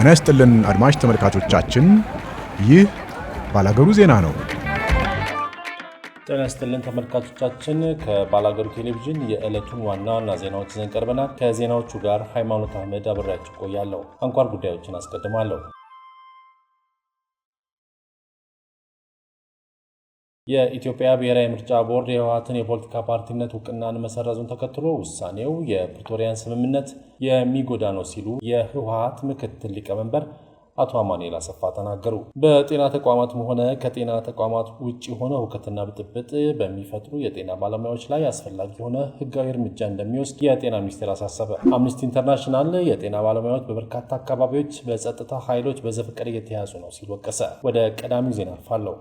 ጤና ይስጥልን አድማጭ ተመልካቾቻችን፣ ይህ ባላገሩ ዜና ነው። ጤና ይስጥልን ተመልካቾቻችን፣ ከባላገሩ ቴሌቪዥን የዕለቱን ዋና ዋና ዜናዎች ይዘን ቀርበናል። ከዜናዎቹ ጋር ሃይማኖት አህመድ አብሬያችሁ ቆያለሁ። አንኳር ጉዳዮችን አስቀድማለሁ። የኢትዮጵያ ብሔራዊ ምርጫ ቦርድ የህወሓትን የፖለቲካ ፓርቲነት እውቅናን መሰረዙን ተከትሎ ውሳኔው የፕሪቶሪያን ስምምነት የሚጎዳ ነው ሲሉ የህወሓት ምክትል ሊቀመንበር አቶ አማኑኤል አሰፋ ተናገሩ። በጤና ተቋማትም ሆነ ከጤና ተቋማት ውጭ የሆነ ሁከትና ብጥብጥ በሚፈጥሩ የጤና ባለሙያዎች ላይ አስፈላጊ የሆነ ህጋዊ እርምጃ እንደሚወስድ የጤና ሚኒስቴር አሳሰበ። አምነስቲ ኢንተርናሽናል የጤና ባለሙያዎች በበርካታ አካባቢዎች በጸጥታ ኃይሎች በዘፈቀደ እየተያዙ ነው ሲል ወቀሰ። ወደ ቀዳሚው ዜና አልፋለሁ።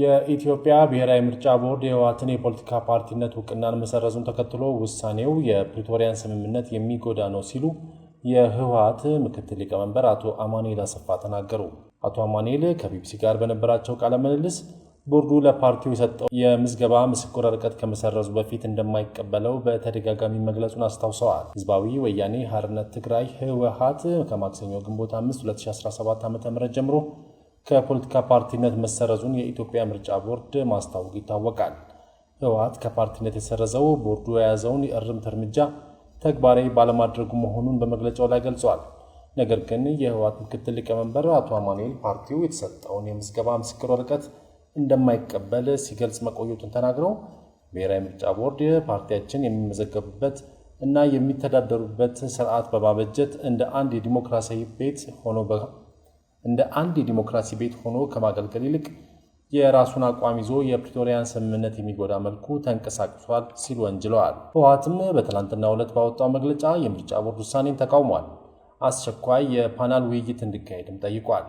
የኢትዮጵያ ብሔራዊ ምርጫ ቦርድ የህወሓትን የፖለቲካ ፓርቲነት እውቅናን መሰረዙን ተከትሎ ውሳኔው የፕሪቶሪያን ስምምነት የሚጎዳ ነው ሲሉ የህወሓት ምክትል ሊቀመንበር አቶ አማኑኤል አሰፋ ተናገሩ። አቶ አማኑኤል ከቢቢሲ ጋር በነበራቸው ቃለ ምልልስ ቦርዱ ለፓርቲው የሰጠው የምዝገባ ምስክር ወረቀት ከመሰረዙ በፊት እንደማይቀበለው በተደጋጋሚ መግለጹን አስታውሰዋል። ህዝባዊ ወያኔ ሀርነት ትግራይ ህወሀት ከማክሰኞ ግንቦት 5 2017 ዓ ም ጀምሮ ከፖለቲካ ፓርቲነት መሰረዙን የኢትዮጵያ ምርጫ ቦርድ ማስታወቅ ይታወቃል። ህወሀት ከፓርቲነት የሰረዘው ቦርዱ የያዘውን የእርምት እርምጃ ተግባራዊ ባለማድረጉ መሆኑን በመግለጫው ላይ ገልጿል። ነገር ግን የህወሀት ምክትል ሊቀመንበር አቶ አማኑኤል ፓርቲው የተሰጠውን የምዝገባ ምስክር ወረቀት እንደማይቀበል ሲገልጽ መቆየቱን ተናግረው ብሔራዊ ምርጫ ቦርድ ፓርቲያችን የሚመዘገቡበት እና የሚተዳደሩበት ስርዓት በማበጀት እንደ አንድ የዲሞክራሲ ቤት ሆኖ እንደ አንድ የዲሞክራሲ ቤት ሆኖ ከማገልገል ይልቅ የራሱን አቋም ይዞ የፕሪቶሪያን ስምምነት የሚጎዳ መልኩ ተንቀሳቅሷል ሲሉ ወንጅለዋል። ህወሓትም በትናንትናው ዕለት ባወጣው መግለጫ የምርጫ ቦርድ ውሳኔን ተቃውሟል። አስቸኳይ የፓናል ውይይት እንዲካሄድም ጠይቋል።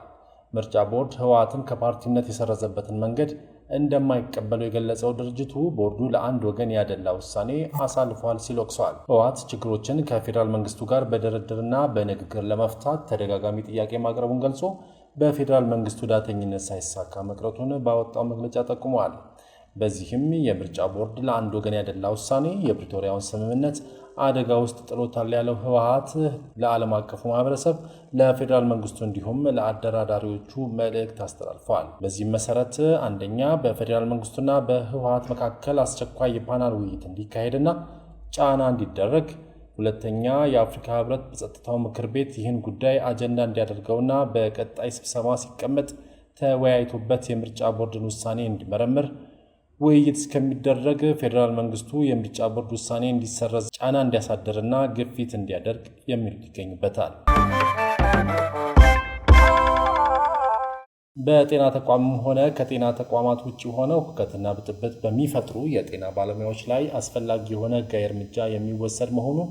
ምርጫ ቦርድ ህወሓትን ከፓርቲነት የሰረዘበትን መንገድ እንደማይቀበለው የገለጸው ድርጅቱ ቦርዱ ለአንድ ወገን ያደላ ውሳኔ አሳልፏል ሲል ወቅሰዋል። ህወሓት ችግሮችን ከፌዴራል መንግስቱ ጋር በድርድርና በንግግር ለመፍታት ተደጋጋሚ ጥያቄ ማቅረቡን ገልጾ በፌዴራል መንግስቱ ዳተኝነት ሳይሳካ መቅረቱን ባወጣው መግለጫ ጠቁመዋል። በዚህም የምርጫ ቦርድ ለአንድ ወገን ያደላ ውሳኔ የፕሪቶሪያውን ስምምነት አደጋ ውስጥ ጥሎታል ያለው ህወሀት ለዓለም አቀፉ ማህበረሰብ፣ ለፌዴራል መንግስቱ እንዲሁም ለአደራዳሪዎቹ መልእክት አስተላልፈዋል። በዚህም መሰረት አንደኛ በፌዴራል መንግስቱና በህወሀት መካከል አስቸኳይ የፓናል ውይይት እንዲካሄድና ጫና እንዲደረግ ሁለተኛ የአፍሪካ ህብረት በጸጥታው ምክር ቤት ይህን ጉዳይ አጀንዳ እንዲያደርገውና በቀጣይ ስብሰባ ሲቀመጥ ተወያይቶበት የምርጫ ቦርድን ውሳኔ እንዲመረምር ውይይት እስከሚደረግ ፌዴራል መንግስቱ የምርጫ ቦርድ ውሳኔ እንዲሰረዝ ጫና እንዲያሳድርና ግፊት እንዲያደርግ የሚል ይገኝበታል። በጤና ተቋምም ሆነ ከጤና ተቋማት ውጭ ሆነው ሁከትና ብጥብጥ በሚፈጥሩ የጤና ባለሙያዎች ላይ አስፈላጊ የሆነ ሕጋዊ እርምጃ የሚወሰድ መሆኑን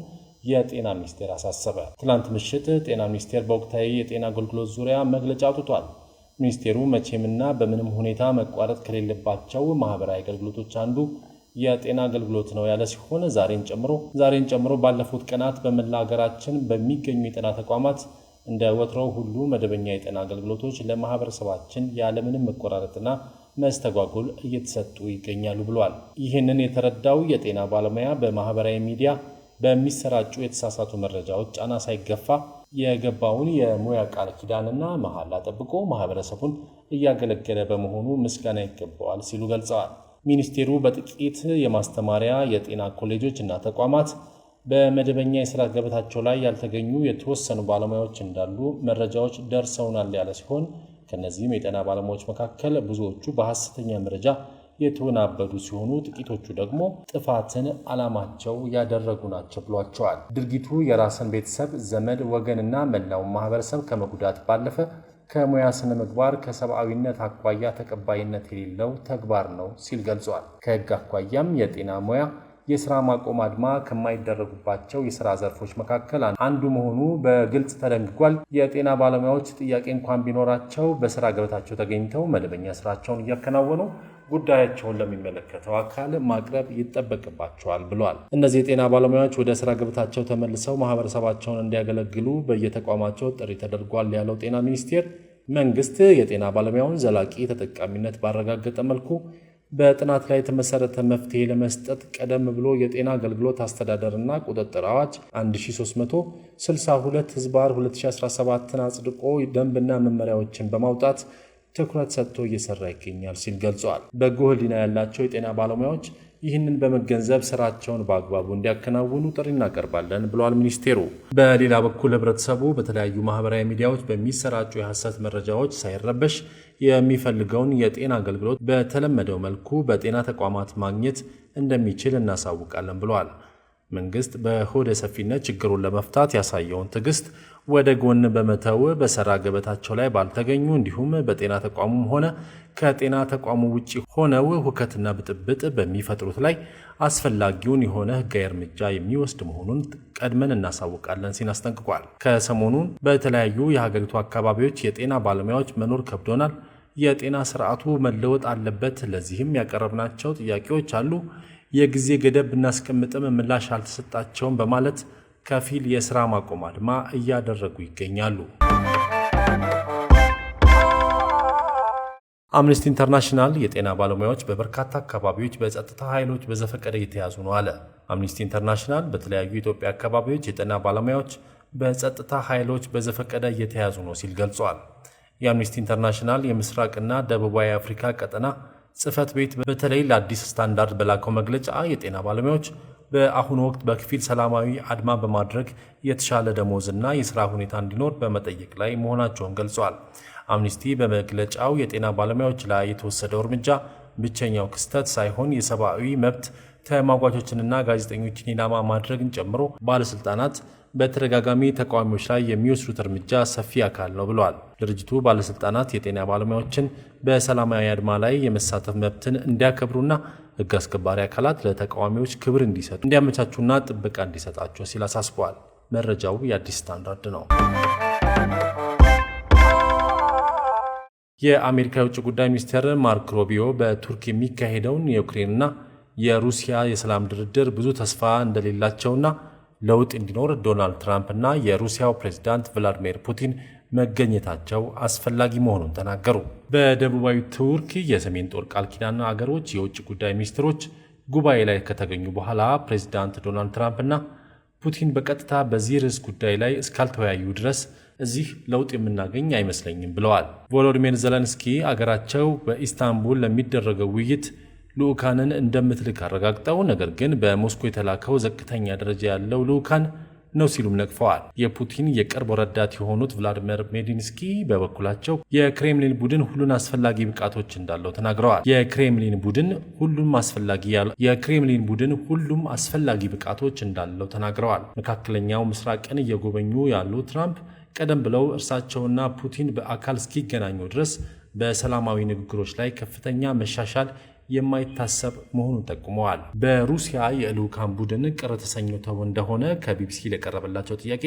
የጤና ሚኒስቴር አሳሰበ። ትላንት ምሽት ጤና ሚኒስቴር በወቅታዊ የጤና አገልግሎት ዙሪያ መግለጫ አውጥቷል። ሚኒስቴሩ መቼምና በምንም ሁኔታ መቋረጥ ከሌለባቸው ማህበራዊ አገልግሎቶች አንዱ የጤና አገልግሎት ነው ያለ ሲሆን ዛሬን ጨምሮ ዛሬን ጨምሮ ባለፉት ቀናት በመላ ሀገራችን በሚገኙ የጤና ተቋማት እንደ ወትሮው ሁሉ መደበኛ የጤና አገልግሎቶች ለማህበረሰባችን ያለምንም መቆራረጥና መስተጓጎል እየተሰጡ ይገኛሉ ብሏል። ይህንን የተረዳው የጤና ባለሙያ በማህበራዊ ሚዲያ በሚሰራጩ የተሳሳቱ መረጃዎች ጫና ሳይገፋ የገባውን የሙያ ቃል ኪዳንና መሐላ ጠብቆ ማህበረሰቡን እያገለገለ በመሆኑ ምስጋና ይገባዋል ሲሉ ገልጸዋል። ሚኒስቴሩ በጥቂት የማስተማሪያ የጤና ኮሌጆች እና ተቋማት በመደበኛ የስራ ገበታቸው ላይ ያልተገኙ የተወሰኑ ባለሙያዎች እንዳሉ መረጃዎች ደርሰውናል ያለ ሲሆን ከነዚህም የጤና ባለሙያዎች መካከል ብዙዎቹ በሐሰተኛ መረጃ የተወናበዱ ሲሆኑ ጥቂቶቹ ደግሞ ጥፋትን ዓላማቸው ያደረጉ ናቸው ብሏቸዋል። ድርጊቱ የራስን ቤተሰብ፣ ዘመድ፣ ወገንና መላውን ማህበረሰብ ከመጉዳት ባለፈ ከሙያ ስነ ምግባር ከሰብአዊነት አኳያ ተቀባይነት የሌለው ተግባር ነው ሲል ገልጿል። ከህግ አኳያም የጤና ሙያ የስራ ማቆም አድማ ከማይደረጉባቸው የስራ ዘርፎች መካከል አንዱ መሆኑ በግልጽ ተደንግጓል። የጤና ባለሙያዎች ጥያቄ እንኳን ቢኖራቸው በስራ ገበታቸው ተገኝተው መደበኛ ስራቸውን እያከናወኑ ጉዳያቸውን ለሚመለከተው አካል ማቅረብ ይጠበቅባቸዋል ብሏል። እነዚህ የጤና ባለሙያዎች ወደ ስራ ገበታቸው ተመልሰው ማህበረሰባቸውን እንዲያገለግሉ በየተቋማቸው ጥሪ ተደርጓል ያለው ጤና ሚኒስቴር መንግስት የጤና ባለሙያውን ዘላቂ ተጠቃሚነት ባረጋገጠ መልኩ በጥናት ላይ የተመሰረተ መፍትሄ ለመስጠት ቀደም ብሎ የጤና አገልግሎት አስተዳደርና ቁጥጥር አዋጅ 1362 ህዝባር 2017ን አጽድቆ ደንብና መመሪያዎችን በማውጣት ትኩረት ሰጥቶ እየሰራ ይገኛል ሲል ገልጿል። በጎ ህሊና ያላቸው የጤና ባለሙያዎች ይህንን በመገንዘብ ስራቸውን በአግባቡ እንዲያከናውኑ ጥሪ እናቀርባለን ብለዋል ሚኒስቴሩ። በሌላ በኩል ህብረተሰቡ በተለያዩ ማህበራዊ ሚዲያዎች በሚሰራጩ የሐሰት መረጃዎች ሳይረበሽ የሚፈልገውን የጤና አገልግሎት በተለመደው መልኩ በጤና ተቋማት ማግኘት እንደሚችል እናሳውቃለን ብለዋል። መንግስት በሆደ ሰፊነት ችግሩን ለመፍታት ያሳየውን ትዕግስት ወደ ጎን በመተው በሰራ ገበታቸው ላይ ባልተገኙ እንዲሁም በጤና ተቋሙም ሆነ ከጤና ተቋሙ ውጭ ሆነው ሁከትና ብጥብጥ በሚፈጥሩት ላይ አስፈላጊውን የሆነ ህጋዊ እርምጃ የሚወስድ መሆኑን ቀድመን እናሳውቃለን ሲል አስጠንቅቋል። ከሰሞኑን በተለያዩ የሀገሪቱ አካባቢዎች የጤና ባለሙያዎች መኖር ከብዶናል፣ የጤና ስርዓቱ መለወጥ አለበት፣ ለዚህም ያቀረብናቸው ጥያቄዎች አሉ የጊዜ ገደብ ብናስቀምጥም ምላሽ አልተሰጣቸውም በማለት ከፊል የስራ ማቆም አድማ እያደረጉ ይገኛሉ። አምነስቲ ኢንተርናሽናል የጤና ባለሙያዎች በበርካታ አካባቢዎች በጸጥታ ኃይሎች በዘፈቀደ እየተያዙ ነው አለ። አምነስቲ ኢንተርናሽናል በተለያዩ የኢትዮጵያ አካባቢዎች የጤና ባለሙያዎች በጸጥታ ኃይሎች በዘፈቀደ እየተያዙ ነው ሲል ገልጿል። የአምነስቲ ኢንተርናሽናል የምስራቅና ደቡባዊ አፍሪካ ቀጠና ጽህፈት ቤት በተለይ ለአዲስ ስታንዳርድ በላከው መግለጫ የጤና ባለሙያዎች በአሁኑ ወቅት በክፊል ሰላማዊ አድማ በማድረግ የተሻለ ደሞዝና የሥራ ሁኔታ እንዲኖር በመጠየቅ ላይ መሆናቸውን ገልጿል። አምኒስቲ በመግለጫው የጤና ባለሙያዎች ላይ የተወሰደው እርምጃ ብቸኛው ክስተት ሳይሆን የሰብአዊ መብት ተሟጋቾችንና ጋዜጠኞችን ኢላማ ማድረግን ጨምሮ ባለስልጣናት በተደጋጋሚ ተቃዋሚዎች ላይ የሚወስዱት እርምጃ ሰፊ አካል ነው ብለዋል። ድርጅቱ ባለስልጣናት የጤና ባለሙያዎችን በሰላማዊ አድማ ላይ የመሳተፍ መብትን እንዲያከብሩና ሕግ አስከባሪ አካላት ለተቃዋሚዎች ክብር እንዲሰጡ እንዲያመቻቹና ጥበቃ እንዲሰጣቸው ሲል አሳስበዋል። መረጃው የአዲስ ስታንዳርድ ነው። የአሜሪካ የውጭ ጉዳይ ሚኒስትር ማርክ ሮቢዮ በቱርክ የሚካሄደውን የዩክሬንና የሩሲያ የሰላም ድርድር ብዙ ተስፋ እንደሌላቸውና ለውጥ እንዲኖር ዶናልድ ትራምፕ እና የሩሲያው ፕሬዝዳንት ቭላዲሚር ፑቲን መገኘታቸው አስፈላጊ መሆኑን ተናገሩ። በደቡባዊ ቱርክ የሰሜን ጦር ቃል ኪዳን አገሮች የውጭ ጉዳይ ሚኒስትሮች ጉባኤ ላይ ከተገኙ በኋላ ፕሬዝዳንት ዶናልድ ትራምፕ እና ፑቲን በቀጥታ በዚህ ርዕስ ጉዳይ ላይ እስካልተወያዩ ድረስ እዚህ ለውጥ የምናገኝ አይመስለኝም ብለዋል። ቮሎዲሚር ዘለንስኪ አገራቸው በኢስታንቡል ለሚደረገው ውይይት ልዑካንን እንደምትልክ አረጋግጠው ነገር ግን በሞስኮ የተላከው ዘቅተኛ ደረጃ ያለው ልዑካን ነው ሲሉም ነቅፈዋል። የፑቲን የቅርብ ረዳት የሆኑት ቭላዲሚር ሜዲንስኪ በበኩላቸው የክሬምሊን ቡድን ሁሉን አስፈላጊ ብቃቶች እንዳለው ተናግረዋል። የክሬምሊን ቡድን ሁሉም አስፈላጊ የክሬምሊን ቡድን ሁሉም አስፈላጊ ብቃቶች እንዳለው ተናግረዋል። መካከለኛው ምስራቅን እየጎበኙ ያሉ ትራምፕ ቀደም ብለው እርሳቸውና ፑቲን በአካል እስኪገናኙ ድረስ በሰላማዊ ንግግሮች ላይ ከፍተኛ መሻሻል የማይታሰብ መሆኑን ጠቁመዋል። በሩሲያ የልዑካን ቡድን ቅር ተሰኝተው እንደሆነ ከቢቢሲ ለቀረበላቸው ጥያቄ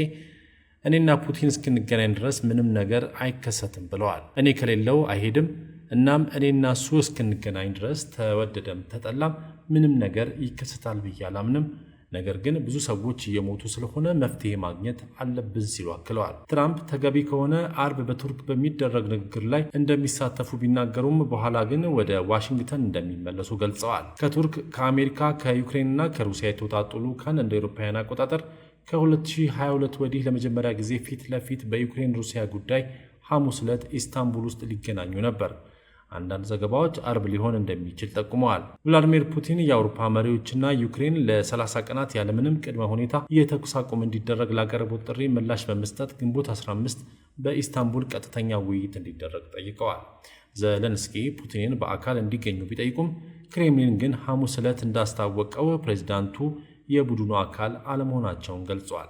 እኔና ፑቲን እስክንገናኝ ድረስ ምንም ነገር አይከሰትም ብለዋል። እኔ ከሌለው አይሄድም። እናም እኔና እሱ እስክንገናኝ ድረስ ተወደደም ተጠላም ምንም ነገር ይከሰታል ብዬ አላምንም ነገር ግን ብዙ ሰዎች እየሞቱ ስለሆነ መፍትሄ ማግኘት አለብን ሲሉ አክለዋል። ትራምፕ ተገቢ ከሆነ አርብ በቱርክ በሚደረግ ንግግር ላይ እንደሚሳተፉ ቢናገሩም በኋላ ግን ወደ ዋሽንግተን እንደሚመለሱ ገልጸዋል። ከቱርክ፣ ከአሜሪካ፣ ከዩክሬንና ከሩሲያ የተውጣጡ ልዑካን እንደ አውሮፓውያን አቆጣጠር ከ2022 ወዲህ ለመጀመሪያ ጊዜ ፊት ለፊት በዩክሬን ሩሲያ ጉዳይ ሐሙስ ዕለት ኢስታንቡል ውስጥ ሊገናኙ ነበር። አንዳንድ ዘገባዎች አርብ ሊሆን እንደሚችል ጠቁመዋል። ቭላዲሚር ፑቲን የአውሮፓ መሪዎችና ዩክሬን ለ30 ቀናት ያለምንም ቅድመ ሁኔታ የተኩስ አቁም እንዲደረግ ላቀረቡት ጥሪ ምላሽ በመስጠት ግንቦት 15 በኢስታንቡል ቀጥተኛ ውይይት እንዲደረግ ጠይቀዋል። ዘለንስኪ ፑቲንን በአካል እንዲገኙ ቢጠይቁም ክሬምሊን ግን ሐሙስ ዕለት እንዳስታወቀው ፕሬዚዳንቱ የቡድኑ አካል አለመሆናቸውን ገልጿል።